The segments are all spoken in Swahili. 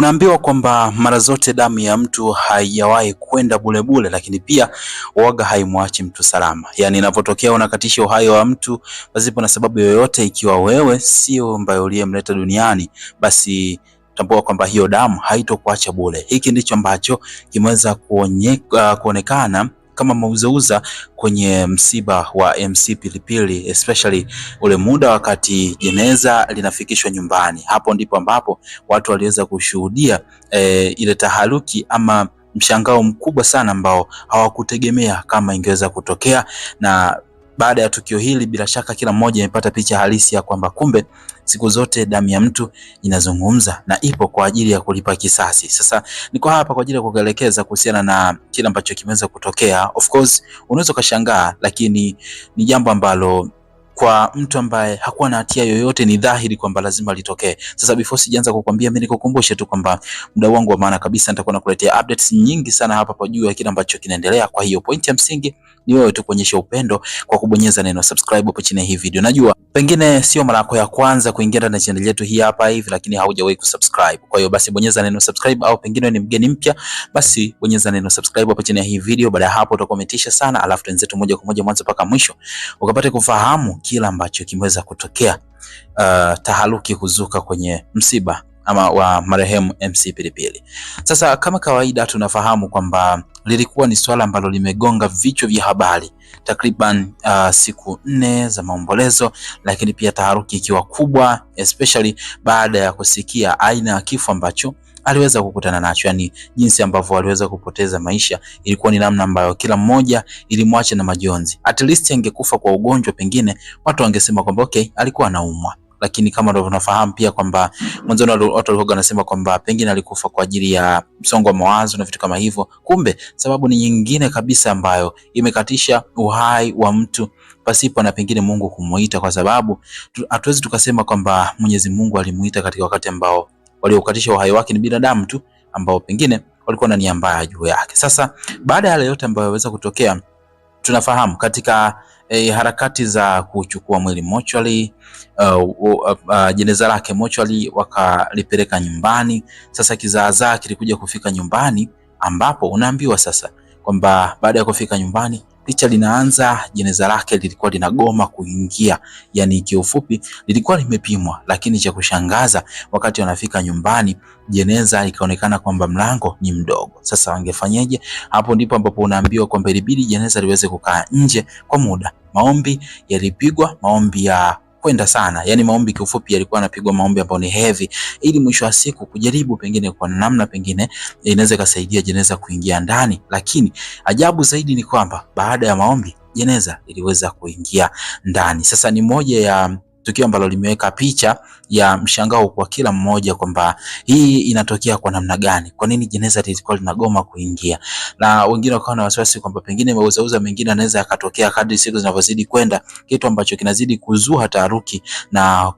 unaambiwa kwamba mara zote damu ya mtu haijawahi kwenda bulebule, lakini pia waga haimwachi mtu salama. Yaani inapotokea unakatisha uhai wa mtu pasipo na sababu yoyote, ikiwa wewe sio ambaye uliyemleta duniani, basi tambua kwamba hiyo damu haitokuacha bule Hiki ndicho ambacho kimeweza uh, kuonekana kama mauzeuza kwenye msiba wa MC Pilipili, especially ule muda wakati jeneza linafikishwa nyumbani. Hapo ndipo ambapo watu waliweza kushuhudia e, ile taharuki ama mshangao mkubwa sana ambao hawakutegemea kama ingeweza kutokea na baada ya tukio hili, bila shaka kila mmoja amepata picha halisi ya kwamba kumbe siku zote damu ya mtu inazungumza na ipo kwa ajili ya kulipa kisasi. Sasa niko hapa kwa ajili ya kukuelekeza kuhusiana na kile ambacho kimeweza kutokea. Of course, unaweza ukashangaa, lakini ni jambo ambalo kwa mtu ambaye hakuwa na hatia yoyote, ni dhahiri kwamba lazima litokee. Sasa before sijaanza kukwambia, mimi nikukumbushe tu kwamba muda wangu wa maana kabisa, nitakuwa nakuletea updates nyingi sana hapa kwa juu ya kile ambacho kinaendelea. Kwa hiyo point ya msingi ni wewe tu kuonyesha upendo kwa kubonyeza neno subscribe hapo chini ya hii video. Najua Pengine sio mara yako ya kwanza kuingia ndani ya channel yetu hii hapa hivi, lakini haujawahi kusubscribe. Kwa hiyo basi bonyeza neno subscribe, au pengine ni mgeni mpya, basi bonyeza neno subscribe hapo chini ya hii video. Baada ya hapo, utakometisha sana, alafu tu moja kwa moja mwanzo mpaka mwisho, ukapate kufahamu kila ambacho kimeweza kutokea, uh, taharuki kuzuka kwenye msiba ama wa marehemu MC Pilipili. Sasa kama kawaida, tunafahamu kwamba lilikuwa ni swala ambalo limegonga vichwa vya habari takriban uh, siku nne za maombolezo, lakini pia taharuki ikiwa kubwa, especially baada ya kusikia aina ya kifo ambacho aliweza kukutana nacho, yani jinsi ambavyo aliweza kupoteza maisha. Ilikuwa ni namna ambayo kila mmoja ilimwacha na majonzi. At least angekufa kwa ugonjwa, pengine watu wangesema kwamba okay, alikuwa anaumwa, lakini kama ndio unafahamu pia kwamba mwanzoni watu walikuwa wanasema kwamba pengine alikufa kwa ajili ya msongo wa mawazo na vitu kama hivyo. Kumbe sababu ni nyingine kabisa ambayo imekatisha uhai wa mtu pasipo na pengine Mungu kumuita, kwa sababu hatuwezi tukasema kwamba Mwenyezi Mungu alimuita katika wakati ambao waliokatisha uhai wake ni binadamu tu ambao pengine walikuwa na nia mbaya juu yake. Sasa baada ya yale yote ambayo yaweza kutokea, tunafahamu katika eh, harakati za kuchukua mwili mochwali, uh, e, uh, uh, e, e, jeneza lake mochwali, wakalipeleka nyumbani. Sasa kizaazaa kilikuja kufika nyumbani, ambapo unaambiwa sasa kwamba baada ya kufika nyumbani picha linaanza, jeneza lake lilikuwa linagoma kuingia, yani kiufupi lilikuwa limepimwa. Lakini cha kushangaza, wakati wanafika nyumbani, jeneza ikaonekana kwamba mlango ni mdogo. Sasa wangefanyeje? Hapo ndipo ambapo unaambiwa kwamba ilibidi jeneza liweze kukaa nje kwa muda maombi yalipigwa, maombi ya kwenda sana, yani maombi kiufupi yalikuwa yanapigwa maombi ambayo ni heavy, ili mwisho wa siku kujaribu pengine kwa namna pengine eh, inaweza ikasaidia jeneza kuingia ndani. Lakini ajabu zaidi ni kwamba baada ya maombi jeneza iliweza kuingia ndani. Sasa ni moja ya tukio ambalo limeweka picha ya mshangao kwa kila mmoja kwamba hii inatokea kwa namna gani, kwa nini jeneza lilikuwa linagoma kuingia, na wengine wakawa na wasiwasi kwamba pengine mauzauza mengine anaweza akatokea kadri siku zinavyozidi kwenda, kitu ambacho kinazidi kuzua taharuki na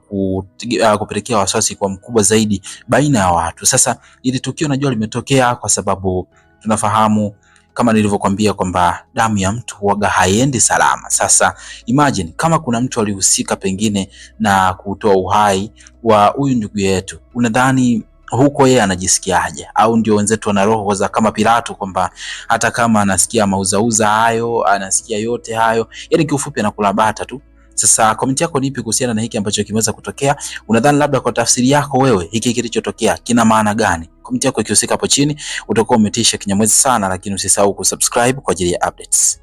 ah, kupelekea wasiwasi kwa mkubwa zaidi baina ya watu. Sasa ili tukio najua limetokea kwa sababu tunafahamu kama nilivyokuambia kwamba damu ya mtu huaga haiendi salama. Sasa imagine kama kuna mtu alihusika pengine na kutoa uhai wa huyu ndugu yetu, unadhani huko yeye anajisikiaje? Au ndio wenzetu wana roho za kama Pilato, kwamba hata kama anasikia mauzauza hayo, anasikia yote hayo, yani kiufupi anakulabata tu, sasa komenti yako ni ipi kuhusiana na hiki ambacho kimeweza kutokea? Unadhani labda kwa tafsiri yako wewe hiki kilichotokea kina maana gani? Komenti yako ikihusika hapo chini, utakuwa umetisha kinyamwezi sana, lakini usisahau kusubscribe kwa ajili ya updates.